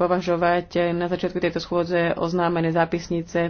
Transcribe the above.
považovať na začiatku tejto schôdze oznámené zápisnice